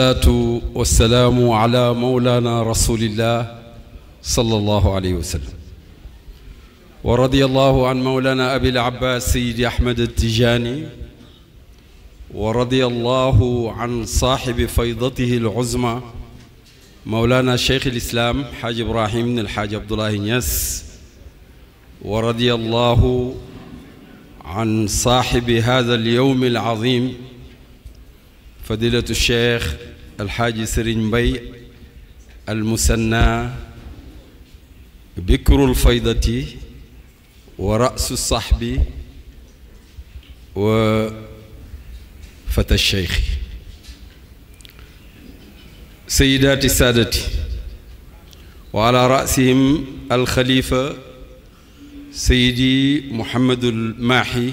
salaatu wassalaamu ala mawlana rasulillah sallallahu alayhi wa sallam wa radiyallahu an mawlana abil abbas sayidi ahmad attijaani wa radiyallahu an saaxibi faydatihi aluzma mawlana cheikh alislaam xaaj ibrahim ibn alxaaj abdullahi Niass wa radiyallahu an saaxibi hada alyowm alazim fadilatu cheikh alxaaji sëriñ mbay almusanna bikrul faydati wa rasu saxbi wa fata cheikhi sayidaati saadati wa ala rasihim alxalifa sayidi muhammadul maahi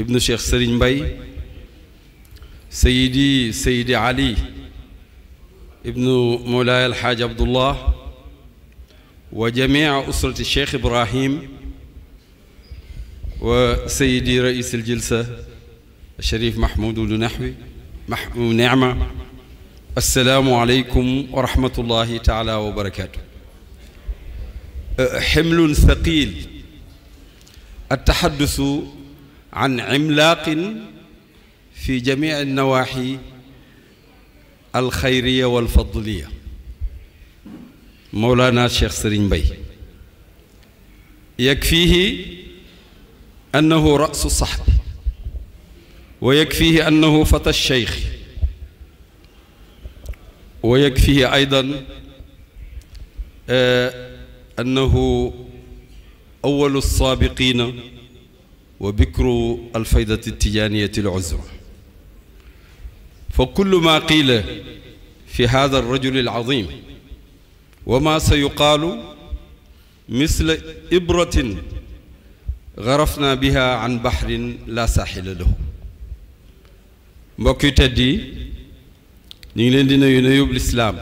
ibnu cheikh sëriñ mbay sayidi sayidi ali ibnu moulaay alxaaj abdullah wa jamia usrati cheikh ibrahim wa sayidi rais aljilsa sharif mahmudul nahwi mahmud nema asalaamu aleykum wa rahmatullahi taala wa barakaatu ximlun thaqil altaxaddusu an imlaaqin fi jamii alnawaaxi alxayriya walfadliya mawlaana cheikh sëriñ mbay yakfiihi annahu rasu saxbi wa yakfiihi annahu fata cheikh wa yakfiihi aydan eh, annahu awalu saabiqiina wa bikru alfaydati tijaaniyati al uzma fa kullu maa qiila fi hada arrajuli alazim wa ma sa yuqaalu misla ibratin garafna biha an baxrin la saaxila lahu mbokk yu tedd yi ñu ngi leen di nuyu nuyub lislaam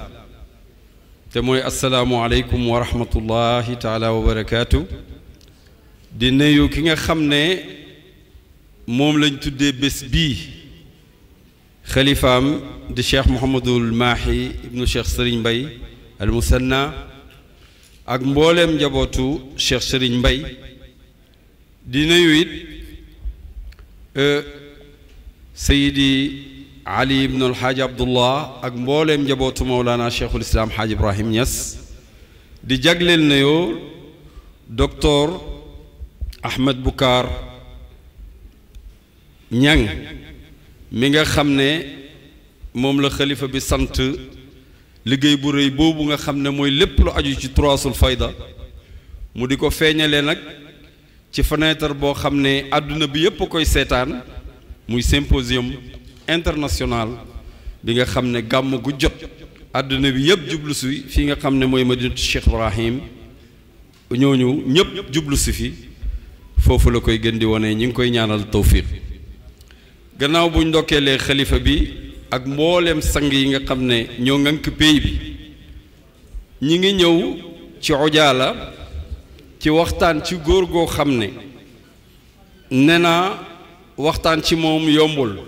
te mooy asalaamu aleykum wa rahmatullahi taala wa barakaatu di nuyu ki nga xam ne moom lañ tuddee bés bii xalifaam di cheikh Mouhamadul Mahi ibnu cheikh Serigne Mbaye al musanna ak mbooleem njabootu cheikh Serigne mbay di nuyu it euh, sayidi Ali ibnu alxaaji Abdullah ak mbooleem njabootu Mawlana cheikhul islam Haaj Ibrahim Niass di jagleel nuyoo docteur Ahmed Boucar Niang mi nga xam ne moom la xalifa bi sant liggéey bu rëy boobu nga xam ne mooy lépp lu aju ci troisul fayda mu di ko feeñalee nag ci fenêtre boo xam ne àdduna bi yépp koy seetaan muy symposium international bi nga xam ne gàmm gu jot àdduna bi yépp jublu si fi nga xam ne mooy ma madinatu Cheikh Ibrahim ñooñu ñépp jublu si fi foofu la koy gën di wone ñu ngi koy ñaanal tawfiq gannaaw buñ ndokkeelee xalifa bi ak mbooleem sang yi nga xam ne ñoo ngànk péy bi ñi ngi ñëw ci Ujaala ci waxtaan ci góor goo xam ne ne naa waxtaan ci moom yombul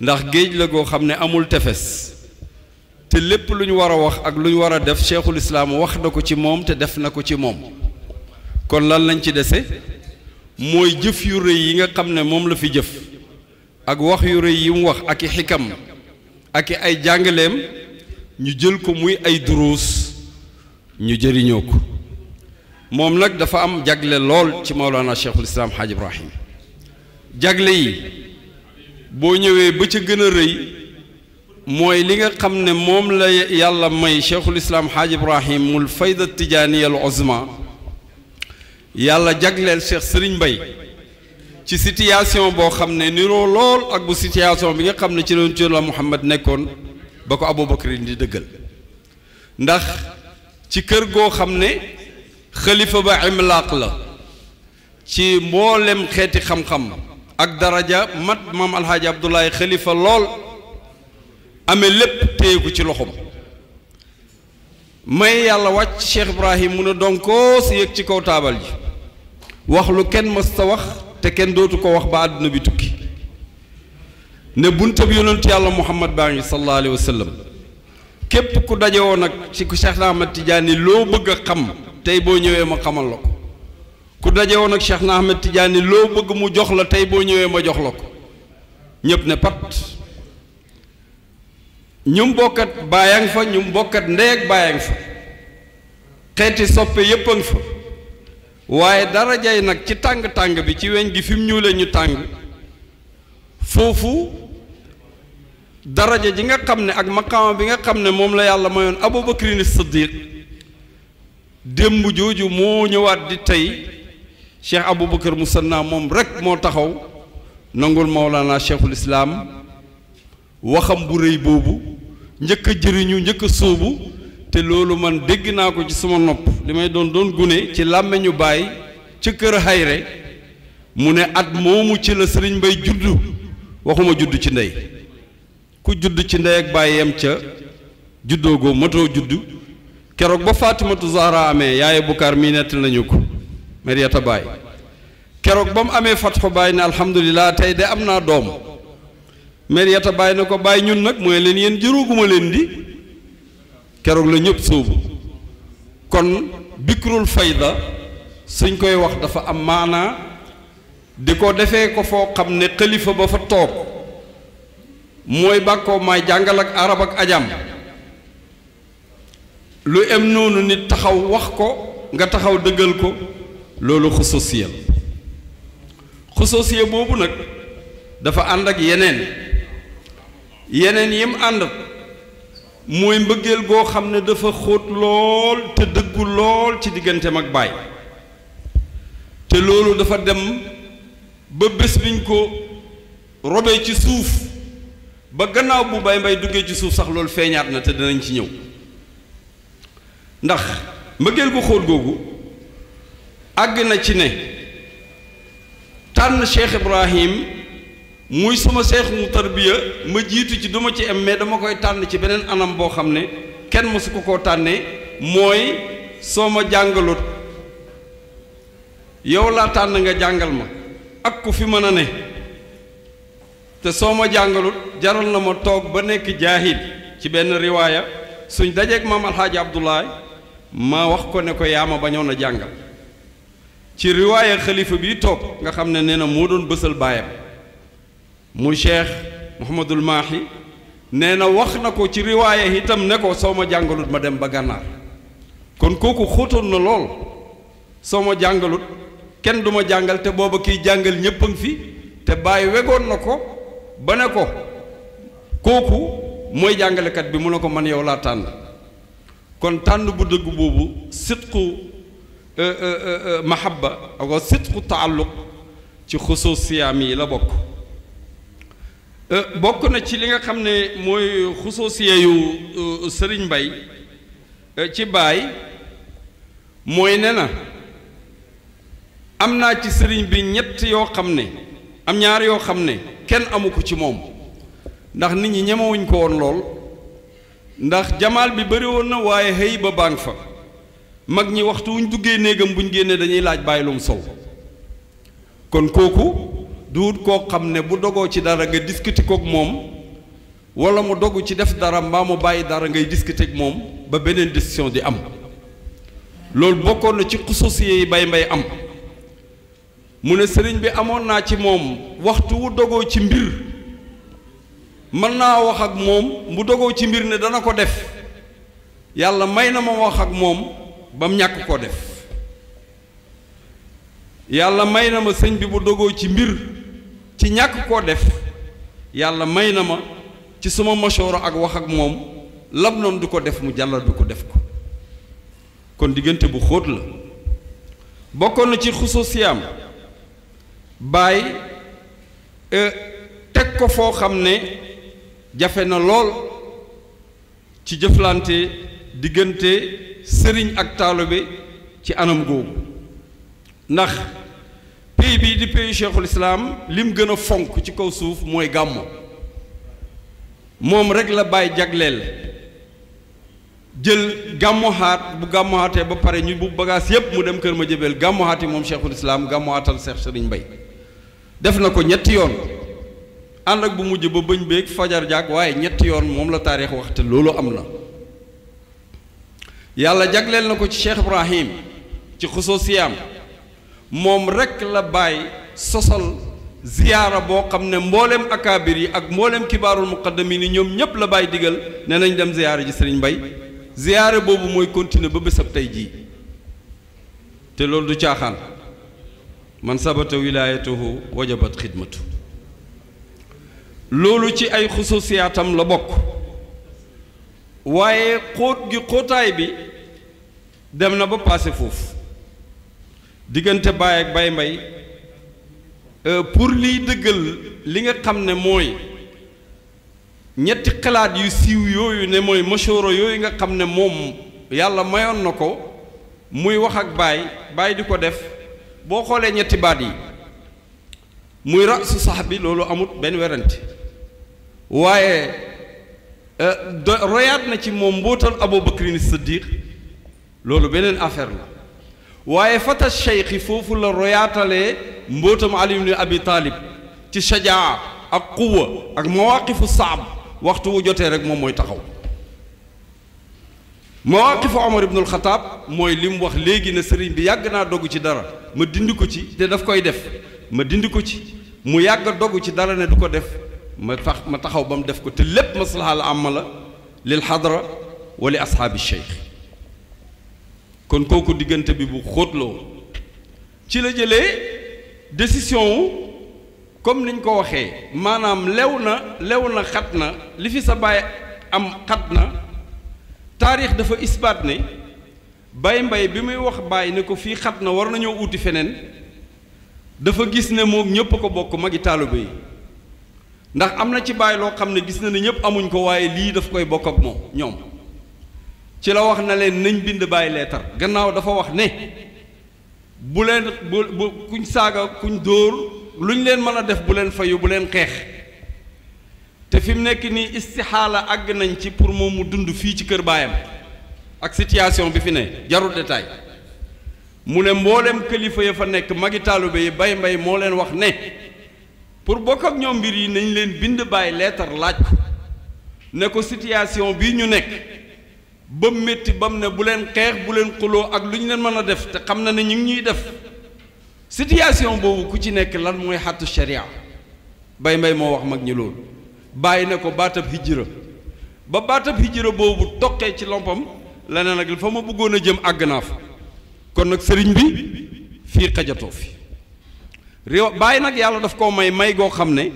ndax géej la goo xam ne amul tefes te lépp lu ñu war a wax ak lu ñu war a def cheikhul islaam wax na ko ci moom te def na ko ci moom kon lan lañ ci dese mooy jëf yu rëy yi nga xam ne moom la fi jëf ak wax yu rëy yi mu wax ak i xikam ak i ay jàngaleem ñu jël ko muy ay duruus ñu jëriñoo ko moom nag dafa am jagle lool ci Maulana Cheikhul Islam Hadj Ibrahim jagle yi boo ñëwee ba ca gën a rëy mooy li nga xam ne moom la yàlla may Cheikhul Islam Hadj Ibrahim mul fayda tijaaniya al uzma yàlla jagleel Cheikh Serigne Mbaye ci situation boo xam ne niroo lool ak bu situation bi nga xam ne ci loon ci la Muhammad nekkoon ba ko Aboubacrine di dëggal ndax ci kër goo xam ne xalifa ba imlaaq la ci mboolem xeeti xam-xam ak daraja mat maam alxaaji Abdoulaye xalifa lool amee lépp téyeku ci loxoom may yàlla wàcc Cheikh Ibrahim mu ne donkoo si yëg ci kaw taabal ji wax lu kenn mësta wax te kenn dootu ko wax ba àdduna bi tukki ne bunte bi yonent yàlla muhammad baa ngi sallallahu alayhi wa képp ku dajewoon woon nag ci ku Ahmad Tidiane loo bëgg a xam tey boo ñëwee ma xamal la ko ku daje woon nag Cheikh Ahmad Tidiane loo bëgg mu jox la tey boo ñëwee ma jox la ko ñépp ne pat ñum bokkat baayang fa ñum bokkat ndeeg baayang fa xeeti soppe yépp fa waaye darajay nag ci tàng-tàng bi ci weñ gi fi mu ñuulee ñu tàng foofu daraja ji nga xam ne ak maqaama bi nga xam ne moom la yàlla mayoon abubakrin siddiq démb jooju moo ñëwaat di tey cheikh aboubacar musanna moom rek moo taxaw nangul maolana cheikhul islaam waxam bu rëy boobu njëkk a jëriñu njëkk a sóobu te loolu man dégg naa ko ci sama nopp li may doon doon gune ci ñu baay ca kër a xayre mu ne at moomu ci la sëriñ mbay juddu waxuma judd ci ndey ku judd ci ndey ak baay yem ca juddoo goo matoo judd keroog ba Faatimatu Zahra amee yaaye Bukaar mii nettal nañu ko Mariata Baay keroog ba mu amee fatxu bàyyi ne alhamdulilah tey de am naa doom Mariata bàyyi na ko bàyyi ñun nag mooy leen yéen jëróoguma leen di keroog la ñëpp sóobu kon bikrul fayda suñ koy wax dafa am maanaa di ko defee ko foo xam ne xalifa ba fa toog mooy bàkkoo may jàngal ak arab ak ajam lu em noonu nit taxaw wax ko nga taxaw dëggal ko loolu xususiyal xususiya boobu nag dafa ànd ak yeneen yeneen yim ànd mooy mbëggeel goo xam ne dafa xóot lool te dëggu lool ci digganteem ak baay te loolu dafa dem ba bés biñ ko robee ci suuf ba gannaaw bu bay mbay duggee ci suuf sax loolu feeñaat na te dinañ ci ñëw ndax mbëggeel ko xóot googu àgg na ci ne tànn Cheikh Ibrahim muy suma seex mu ma jiitu ci duma ci am mais dama koy tànn ci beneen anam boo xam ne kenn mësu ko koo tànnee mooy soo ma jàngalut yow laa tànn nga jàngal ma ak ku fi mën a ne te soo ma jàngalut jaral na ma toog ba nekk jaahil ci benn riwaaya suñ dajeeg maam alxaaji abdoulaye ma wax ko ne ko yaama ma bañoon a jàngal ci riwaaya xalifa bii toog nga xam ne nee na moo doon bësal baayam mu cheikh Mouhamadul Maahi nee na wax na ko ci riwaaya itam ne ko soo ma jàngalut ma dem ba gànnaar kon kooku xóotoon na lool soo ma jàngalut kenn duma ma jàngal te booba kiy jàngal ñépp a ngi fi te bàyyi wegoon na ko ba ne ko kooku mooy jàngalekat bi mu na ko man yow laa tànn kon tànn bu dëgg boobu sidqu euh, euh, euh, mahabba ako sidqu taalluq ci xusuus siyaam yi la bokk Euh, bokk na ci li nga xam ne mooy xusoosiye yu euh, sëriñ bay euh, ci baay mooy ne na am naa ci sëriñ bi ñett yoo xam ne am ñaar yoo xam ne kenn amuku ci moom ndax nit ñi ñemewuñ ko woon lool ndax jamaal bi bëri woon na waaye xëy ba baa fa mag ñi waxtu wuñ duggee néegam buñ génnee dañuy laaj bàyyi lum sol kon kooku duut koo xam ne bu dogoo ci dara nga discuter kook moom wala mu dogu ci def dara mbaa mu bàyyi dara ngay discuter ak moom ba beneen décision di am loolu bokkoon na ci xususiye bay mbay am mu ne sëriñ bi amoon naa ci moom waxtu wu dogoo ci mbir mën naa wax ak moom mu dogoo ci mbir ne dana ko def yàlla may na ma wax ak moom ba mu ñàkk koo def yàlla may na ma sëñ bi bu dogoo ci mbir ci ñàkk koo def yàlla may na ma ci suma masooro ak wax ak moom lam noon du ko def mu jàllal du ko def ko kon diggante bu xóot la bokkoon na ci xusuusiyaam baay e, teg ko foo xam ne jafe na lool ci jëflante diggante sëriñ ak taalibe ci anam googu ndax pays bii di pays cheikhul islaam lim gën a fonk ci kaw suuf mooy gàmmu moom rek la bàyyi jagleel jël gàmmuxaat bu gàmmuxaatee ba pare ñu bu bagaas yépp mu dem kër ma jëbeel gàmmuxaati moom cheikhul islaam gàmmuxaatal Cheikh Serigne Mbaye def na ko ñetti yoon ànd ak bu mujj ba bëñ beeg fajar jaag waaye ñetti yoon moom la taarix waxte loolu am na yàlla jagleel na ko ci Cheikh Ibrahim ci xusoo moom rekk la bàyyi sosal ziyaara boo xam ne mbooleem akaabir yi ak mbooleem kibaarul muqaddamin yi ñoom ñépp la bàyyi digal ne nañ dem ziyaara ji sëriñ Mbay ziyaara boobu mooy continuer ba bésab tey jii te loolu du caaxaan man sabata wilaayatuhu wajabat xidmatu loolu ci ay xususiyaatam la bokk waaye xóot gi xóotaay bi dem na ba paase foofu diggante Baye ak Baye Mbaye euh, pour liy dëggal li nga xam ne mooy ñetti xalaat yu siiw yooyu ne mooy masoro yooyu nga xam ne moom yàlla mayoon na ko muy wax ak Baye Baye di ko def boo xoolee ñetti baat yi muy su sax bi loolu amut benn werante waaye euh, royaat na ci moom mbootal Abubakrin Siddiq loolu beneen affaire la waaye fata cheikhi foofu la royaatalee mbootam Ali ibn Abi Talib ci shajaa ak quwa ak mawaqifu saab waxtu wu jotee rek moom mooy taxaw mawaqifu Omar ibn al mooy li mu wax léegi ne sëriñ bi yàgg naa dogg ci dara ma dindi ko ci te daf koy def ma dindi ko ci mu yàgg dogg ci dara ne du ko def ma tax ma taxaw ba mu def ko te lépp maslaha la amma la lil xadra wa li ashaabi cheikh kon kooku diggante bi bu xóotloo ci la jëlee décision wu comme niñ ko waxee maanaam lew na lew na xat na li fi sa baay am xat na taarix dafa isbaat ne bay mbay bi muy wax baay ne ko fii xat na war nañoo uuti feneen dafa gis ne moom ñépp ko bokk magi taalibe yi ndax am na ci baay loo xam ne gis na ne ñépp amuñ ko waaye lii daf koy bokk ak moom ñoom ci la wax na leen nañ bind bàyyi leetar gannaaw dafa wax ne bu leen bu bu kuñ saaga kuñ dóor luñ leen mën a def bu leen fayu bu leen xeex te fi mu nekk nii istixaala àgg nañ ci pour moom mu dund fii ci kër baayam ak situation bi fi ne jarul détail mu ne mboolem kilifa ya fa nekk magi taalibe yi bay mbay moo leen wax ne pour bokk ak ñoom mbir yi nañ leen bind bàyyi leetar laaj ko ne ko situation bii ñu nekk ba métti mu ne bu leen xeex bu leen xuloo ak lu ñu leen mën a def te xam na ne ñu ñuy def situation boobu ku ci nekk lan mooy xattu sharia bay mbay moo wax mag ñi loolu bàyyi na ko baatab hijra ba baatab hijra boobu toqee ci lompam leneen ak fa ma bëggoon a jëm àgg naa fa kon nag sëriñ bi fii xajatoo fi réew bàyyi nag yàlla daf koo may may goo xam ne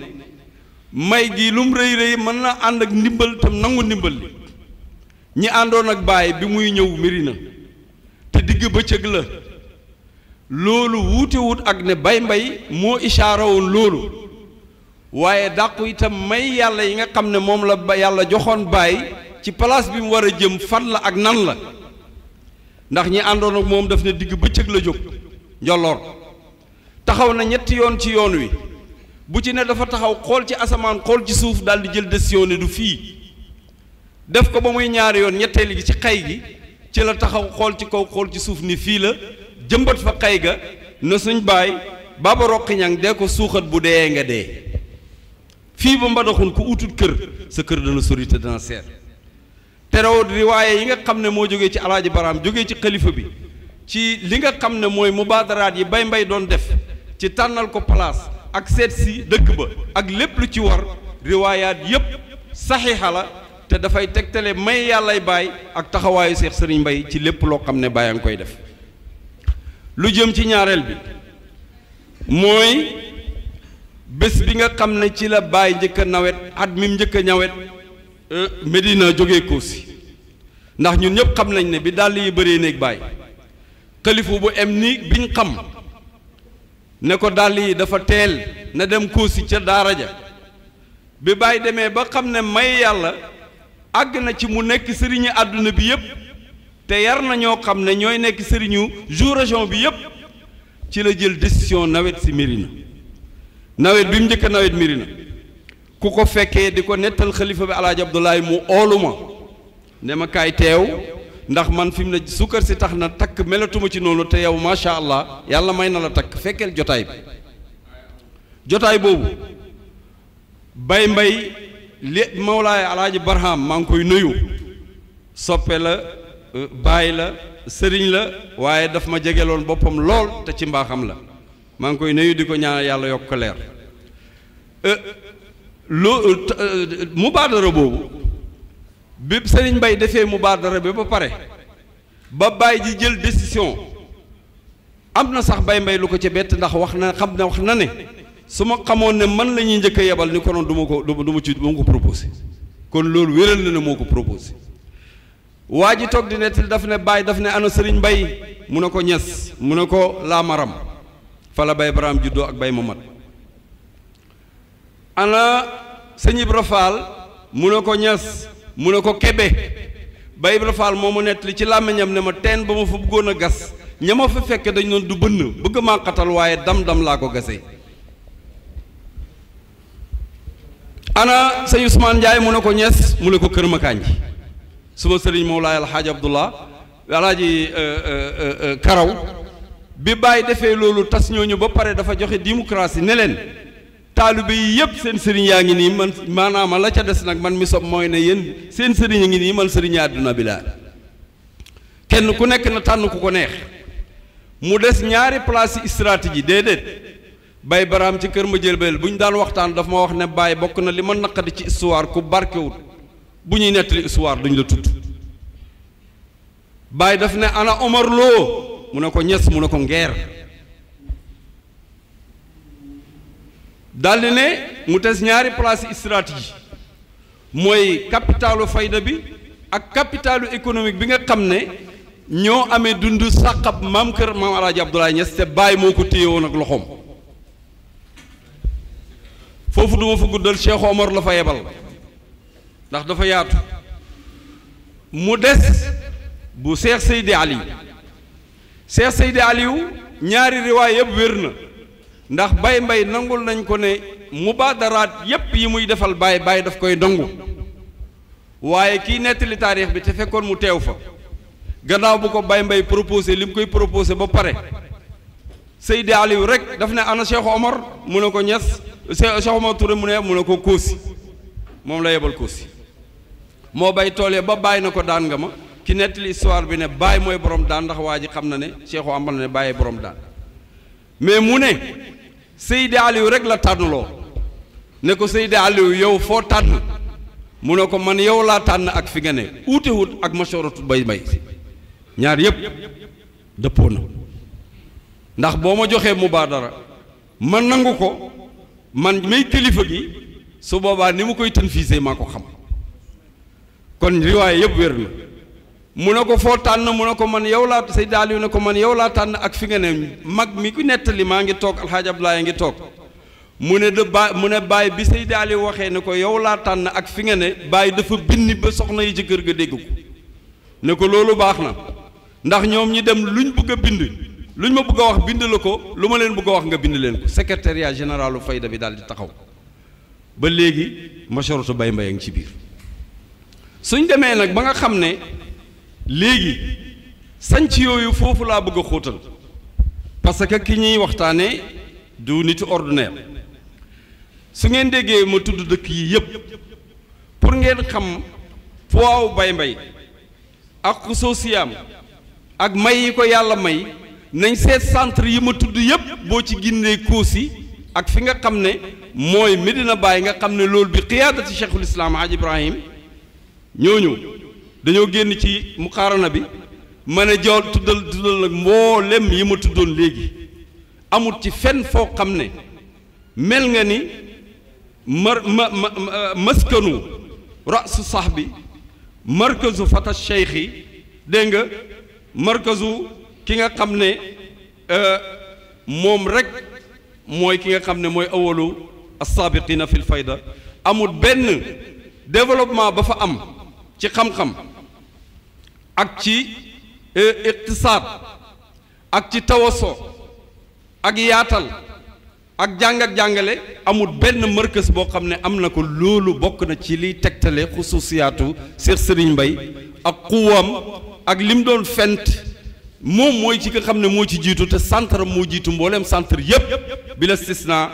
may gii lum rëy rëy mën na ànd ak ndimbal tam nangu ndimbal li ñi àndoon ak baay bi muy ñëw Medina te digg bëccëg la loolu wuutewut ak ne bay mbay moo ishaara woon loolu waaye dàqu itam may yàlla yi nga xam ne moom la ba yàlla joxoon baay ci place bi mu war a jëm fan la ak nan la ndax ñi àndoon ak moom daf ne digg ba bëccëg la jóg njolloor taxaw na ñetti yoon ci yoon wi bu ci ne dafa taxaw xool ci asamaan xool ci suuf daal di jël décision ne du fii def ko ba muy ñaari yoon ñetteel gi ci xay gi ci la taxaw xool ci kaw xool ci suuf ni fii la jëmbat fa xay ga na suñ baay baba roqi ñang dee ko suuxat bu dee nga dee fii ba mbadaxun ku utut kër sa kër dana sori te dana seet terew riwaaye yi nga xam ne moo jóge ci alaaji baraam jóge ci xalifa bi ci li nga xam ne mooy mubaadaraat yi bay mbay doon def ci tànnal ko palaas ak seet si dëkk ba ak lépp lu ci war riwaayaat yépp saxiixa la te dafay tegtale may yàllay baay ak taxawaayu seex sëriñ mbay ci lépp loo xam ne baay a ngi koy def lu jëm ci ñaareel bi mooy bés bi nga xam ne ci la baay njëkk a nawet at mi njëkk a ñawet euh, Medina jógee Koosi ndax ñun ñëpp xam nañ ne bi dàll yi bëree néeg baay xalifu bu em ni biñ xam ne ko dàll yi dafa teel na dem Koosi ca daara ja bi baay demee ba xam ne may yàlla àgg na ci mu nekk sëriñu àdduna bi yëpp te yar na ñoo xam ne ñooy nekk sëriñu jour région bi yëpp ci la jël décision nawet si Mérina nawet bi mu njëkk nawet Mérina ku ko fekkee di ko nettal xalifa bi alaaji Abdoulaye mu oolu ma ne ma kaay teew ndax man fi mu ne sukkar si tax na takk melatuma ci noonu te yow macha allah yàlla may na la takk fekkeel jotaay bi jotaay boobu bay mbay li Mawlaay Alaaji Barham maa ngi koy nuyu soppe la euh, baay la sëriñ la waaye dafa ma jegeloon boppam lool te ci mbaaxam la maa ngi koy nuyu di ko ñaanal yàlla yokk ko leer euh, lu euh, mubaadara boobu bi sëriñ bay defee mubaadara bi ba pare ba baay di jël décision am na sax bay mbay lu ko ci bett ndax wax na xam na wax na ne su ma xamoon ne man lañuy njëkk a yebal ni konoon du ma ko du ma ci du ma ko proposé kon loolu wéral na ne moo ko proposé waa ji toog di nettali daf ne bàyyi daf ne ana sëriñ mbay mu ne ko ñes mu ne ko laamaram fala bay baraam juddoo ak bay mamat ana sëñ Ibra mu ne ko ñes mu ne ko kebe bay Ibra moo mu nettali ci làmmiñam ne ma teen ba ma fa bëggoon a gas ña ma fa fekk dañ doon du bënn bëgg maa waaye dam dam laa ko gase ana sëñ Ousmane Ndiaye mu ne ko ñees mu ne ko kër makaañ ji suma sëriñ Mawlaay Alxaaji Abdullah Alxaaji Karaw bi bàyyi defee loolu tas ñooñu ba pare dafa joxe démocratie ne leen taalibe yi yëpp seen sëriñ yaa ngi nii man maanaam la ca des nag man mi sob mooy ne yéen seen sëriñ ngi nii man sëriñ àdduna bi laa kenn ku nekk na tànn ku ko neex mu des ñaari place stratégie déedéet bay baraam ci kër ma jël jëlbeel bu ñu daan waxtaan dafa ma wax ne baay bokk na li ma naqati ci histoire ku barkewut bu ñuy nettali histoire duñu la tudd baay daf ne ana Omar mu ne ko ñes mu ne ko ngeer daldi ne mu tes ñaari place stratégie mooy capitalu fayda bi ak capitalu économique bi nga xam ne ñoo amee dund sàqab maam kër maam alaaji Abdoulaye Niass te baay moo ko téye woon ak loxoom foofu duma fa guddal Cheikh Omar la fa yebal ndax dafa yaatu mu des bu Cheikh Seydi Ali Cheikh Seydi Aliou ñaari riwaay yëpp wér na ndax bay mbay nangul nañ ko ne mu daraat yépp yi muy defal baay baay daf koy nangu waaye kiy nettali taarix bi ca fekkoon mu teew fa gannaaw bu ko bay mbay proposé li mu koy proposé ba pare Seydi Aliou rek daf ne ana Cheikh Omar mu ne ko ñes Cheikh Omar Touré mu ne mu ne ko Kóosi moom la yebal Kóosi moo bay tool toolee ba bàyyi na ko daan nga ma ki nettali histoire bi ne bàyyi mooy borom daan ndax waa ji xam na ne Cheikh Omar ne bàyyi borom daan mais mu ne Seydi Aliou rek la tànnloo ne ko Seydi Aliou yow foo tànn mu ne ko man yow laa tànn ak fi nga ne uute wut ak masoratu bay bay ñaar yëpp dëppoo na. ndax boo ma joxee mu baa dara man nangu ko man may kilifa gi su boobaa ni mu koy tanfiisee maa ko xam kon riwaay yëpp wér na mu ne ko foo tànn mu ne ko man yow laa say daal yu ne ko man yow laa tànn ak fi nga ne mag mi ku nettali maa ngi toog alxaaj Ablaay a ngi toog ne de baay mu ne baay bi say daal waxee ne ko yow laa tànn ak fi nga ne baay dafa binni ba soxna yi ci kër ga dégg ko ne ko loolu baax na ndax ñoom ñi dem luñ bëgg a bind lu ñu ma bëgg a wax bind la ko lu ma leen bëgg wax nga bind leen ko secrétariat généralu fayda bi daal di taxaw ba léegi masharatu bay mbay ngi ci biir suñ demee nag ba nga xam ne léegi sanc yooyu foofu laa bëgg a xóotal parce que ki ñuy waxtaanee du nitu ordinaire su ngeen déggee ma tudd dëkk yi yépp pour ngeen xam poids bay mbay ak xusoosiyam ak may yi ko yàlla may nañ seet centre yi ma tudd yëpp boo ci ginnee Koosi ak fi nga xam ne mooy Medina Baye nga xam ne loolu bi xiyaadati cheikhul islam Hadj Ibrahim ñooñu dañoo génn ci muqaarana bi ma ne jool tuddal tuddal nag mboolem yi ma tuddoon léegi amut ci fenn foo xam ne mel nga ni ma ma ma maskanu rasu sax bi markazu fata cheikh yi dégg nga markazu ki nga xam ne euh, moom rek mooy ki nga xam ne mooy awalu assaabiqina fil fayda amut benn développement ba fa am ci xam-xam ak ci euh, iqtisaad ak ci tawaso ak yaatal ak jàng ak jàngale amut benn mërkës boo xam ne am na ko loolu bokk na ci liy tegtale xususiyaatu Seex Sëriñ Mbay ak xuwaam ak lim doon fent moom mooy ci nga xam ne moo ci jiitu te centre moo jiitu mbooleem centre yëpp bi la stisna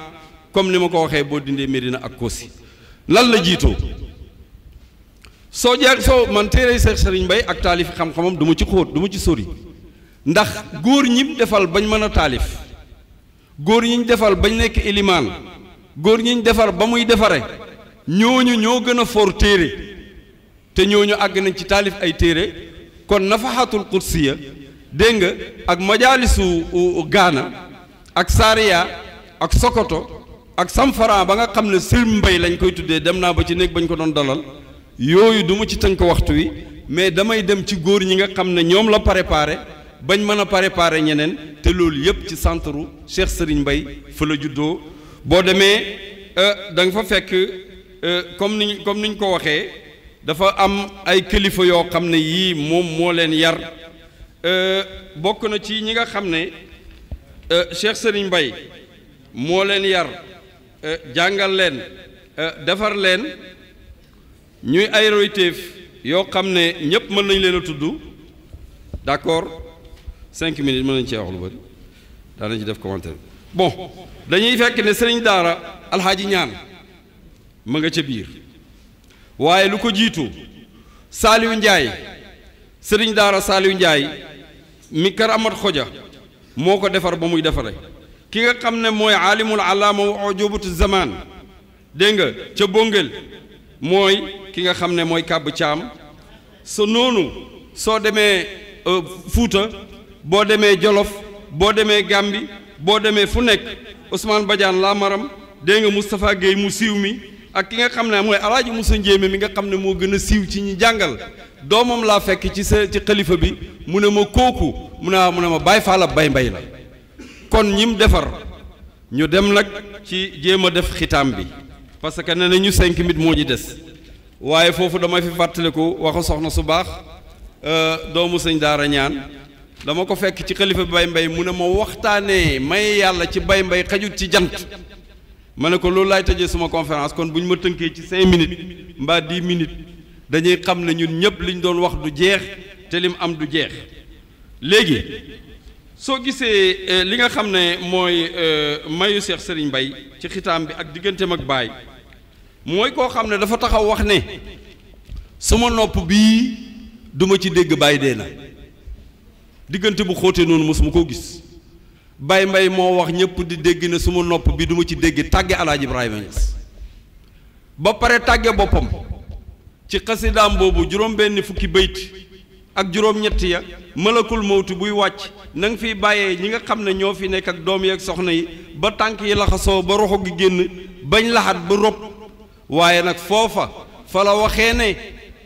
comme ni ma ko waxee boo dindee Médina ak Kossy lan la jiitoo soo jeex soo man téere Seex Sëriñ Mbay ak taalif xam-xamam du ci xóot duma ma ci sori ndax góor ñi defal bañ mën a taalif góor ñi ñu defal bañ nekk ilimaan góor ñi ñu defar ba muy defare ñooñu ñoo gën a foor téere te ñu àgg nañ ci taalif ay téere kon nafaxatul qudsiya dégg nga ak majaalisu gaana ak Saria ak Sokoto ak Samfara ba nga xam ne Sëriñ Mbay lañ koy tuddee dem naa ba ci néeg bañ ko doon dalal yooyu duma ci tënk waxtu wi mais damay dem ci góor ñi nga xam ne ñoom la préparé bañ mën a préparé ñeneen te loolu yëpp ci centre Cheikh Sëriñ Mbay fa la juddoo boo demee euh, da nga fa fekk euh, comme niñ comme niñ ko waxee dafa am ay kilifa yoo xam ne yii moom moo leen yar Euh, bokk na ci ñi nga xam ne euh, Cheikh Serigne Mbaye moo leen yar euh, jàngal leen defar leen ñuy ay royteef yoo xam ne ñépp mën nañ leen a tudd d'accord cinq minutes mën nañ cee wax lu bari daanañ ci def commentaire bon dañuy fekk ne sëriñ daara alxaaji ñaan mën nga ca biir waaye lu ko jiitu Saaliw Njaay sëriñ daara Saaliw Njaay mi kër amat xoja moo ko defar ba muy defare ki nga xam ne mooy aalimul alaama wa ujubutu zaman dégg nga ca bongel mooy ki nga xam ne mooy kàbb caam sa noonu soo demee euh, Fuuta boo demee Jolof boo demee Gàmbi boo demee fu nekk Ousmane Badiane laa maram dégg nga Moustapha mu siiw mi ak ki nga xam ne mooy mu Moussa Ndiémé mi nga xam ne moo gën a siiw ci ñi jàngal doomam laa fekk ci sa ci xalifa bi mu ne ma kooku mu ne mu ne ma Baay Faal bay mbay la kon ñim defar ñu dem nag ci jéem a def xitaam bi parce que nee na ñu cinq minutes moo ji des waaye foofu dama fi fàttaliku waxu soxna su baax euh, doomu sëñ daara ñaan dama ko fekk ci xalifa bay mbay mu ne ma waxtaanee may yàlla ci bay mbay xajut ci jant ma ne ko loolu laay tëjee suma conférence kon bu ñu ma tënkee ci cinq minutes mbaa dix minutes dañuy xam ne ñun ñëpp ñu doon wax du jeex te lim am du jeex léegi soo gisee euh, li nga xam ne mooy euh, mayu Cheikh Serigne bay ci xitaam bi ak digganteem ak baay mooy koo xam ne dafa taxaw wax ne suma nopp bii duma ci dégg baay dee na diggante bu xootee noonu mosuma koo gis bay mbay moo wax ñëpp di dégg ne suma nopp bi duma ci dégg tàgge alaaj Ibrahima Niass ba pare tàgge boppam ci xasidaam boobu juróom benn fukki bayt ak juróom ñett ya malakul mawtu buy wàcc na nga fiy bàyyee ñi nga xam ne ñoo fi nekk ak doom yi ak soxna yi ba tànk yi laxasoo ba roxo gi génn bañ laxat ba rob waaye nag foofa fa la waxee ne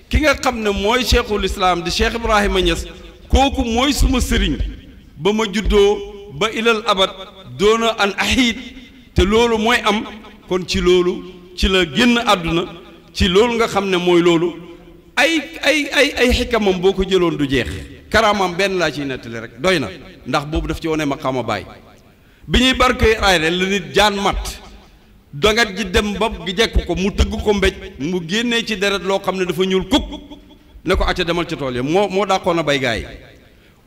ki nga xam ne mooy cheikhul islaam di cheikh Ibrahima Niass kooku mooy suma sëriñ ba ma juddoo ba ilal abad doona an ahid te loolu mooy am kon ci loolu ci la génn àdduna ci loolu nga xam ne mooy loolu ay ay ay ay xikamam boo ko jëloon du jeex karaamam benn laa ciy nettali rek doy na ndax boobu daf ci wone maqaama baay bi ñuy barke raay la nit jaan matt dongat ji dem ba gi jekk ko mu tëgg ko mbéj mu génnee ci deret loo xam ne dafa ñuul kukk ne ko acca demal ca tool ya moo moo dàqoon a bay gaay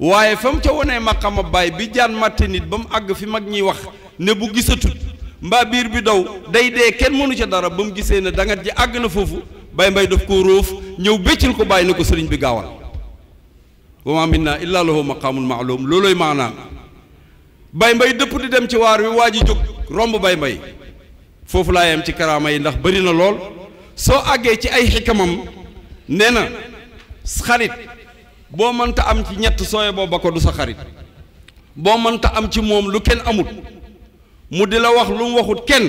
waaye fa mu ca wonee maqama baay bi jaan màtte nit ba mu àgg fi mag ñiy wax ne bu gisatut mbaa biir bi daw day dee kenn mënu ca dara ba mu gisee ne dangat ji àgg na foofu bay mbay daf koo róof ñëw béccil ko bàyyi ne ko sëriñ bi gaawal wa maa minna illaa lahu maqaamun ma'luum loolooy maanaam bay mbay dëpp di dem ci waar wi waa ji jóg romb bay mbay foofu laa yem ci karaama yi ndax bari na lool soo àggee ci ay xikamam nee na xarit boo mënta am ci ñett sooye boo ba ko du sa xarit boo mënta am ci moom lu kenn amut mu di la wax lu mu waxut kenn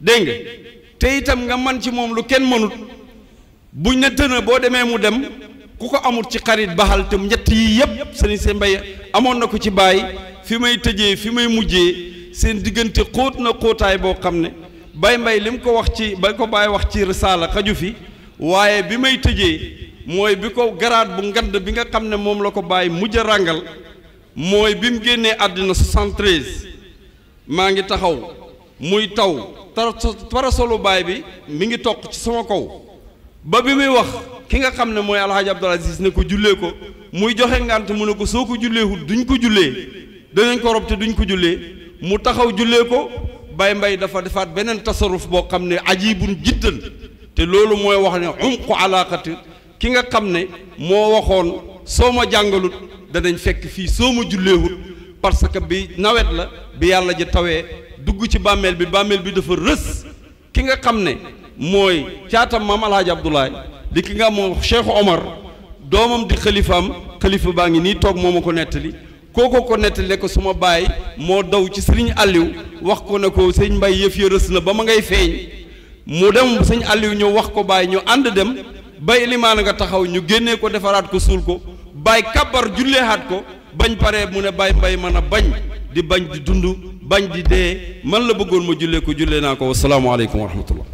dégg te itam nga man ci moom lu kenn mënut buñ ne tëna boo demee mu dem ku ko amut ci xarit baxal te ñett yi yépp sëriñ seen mbay amoon na ko ci bàyyi fi may tëjee fi may mujjee seen diggante xóot na xóotaay boo xam ne bay mbay li mu ko wax ci ba ko bàyyi wax ci risaala xaju fi waaye bi may tëjee mooy bi ko garaat bu ngand bi nga xam ne moom la ko bàyyi mujj a ràngal mooy bi mu génnee àddina 73 maa ngi taxaw muy taw parasolu baay bi mi ngi toq ci sama kaw ba bi muy wax ki nga xam ne mooy alxaaji abdul aziz ne ko jullee ko muy joxe ngànt mu ne ko soo ko julleewut duñ ko jullee danañ ko rob te duñ ko jullee mu taxaw jullee ko bay mbay dafa defaat beneen tasaruf boo xam ne ajibu jiddan te loolu mooy wax ne umqu alaaqati ki nga xam ne moo waxoon soo ma jàngalut danañ fekk fii soo ma julleewut parce que bi nawet la bi yàlla ji tawee dugg ci bàmmeel bi bàmmeel bi dafa rës ki nga xam ne mooy caatam maam alhaaji abdoulaye ki nga moom cheikhu omar doomam di xalifaam xalifa baa ngi nii toog moo ma ko nettali kooko ko nettali ne ko suma baay moo daw ci sëriñ Aliou wax ko ne ko sëñ mbay yëf ya rës na ba ma ngay feeñ mu dem sëñ Aliou ñëw wax ko baay ñu ànd dem bay limaan nga taxaw ñu génnee ko defaraat ko suul ko bay kabar julleexaat ko bañ paree mu ne bay mbay mën a bañ di bañ di dund bañ di dee man la bëggoon ma jullee ko jullee naa ko wasalaamaaleykum wa rahmatullah